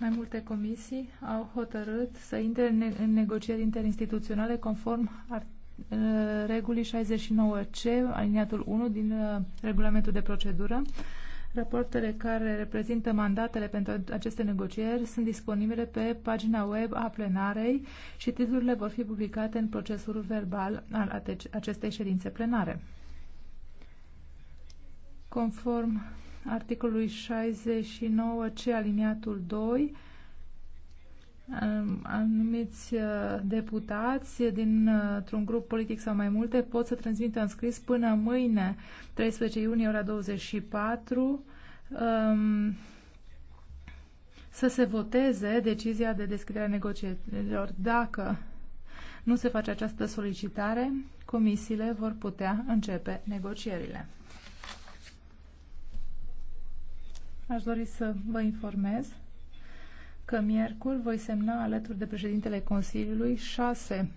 mai multe comisii au hotărât să intre în negocieri interinstituționale conform uh, regulii 69C, aliniatul 1 din uh, regulamentul de procedură. Rapoartele care reprezintă mandatele pentru aceste negocieri sunt disponibile pe pagina web a plenarei și titlurile vor fi publicate în procesul verbal al acestei ședințe plenare. Conform articolului 69C aliniatul 2 anumiți uh, deputați dintr-un grup politic sau mai multe pot să transmită în scris până mâine 13 iunie ora 24 um, să se voteze decizia de deschidere a negocierilor. Dacă nu se face această solicitare, comisiile vor putea începe negocierile. Aș dori să vă informez că miercuri voi semna alături de președintele Consiliului șase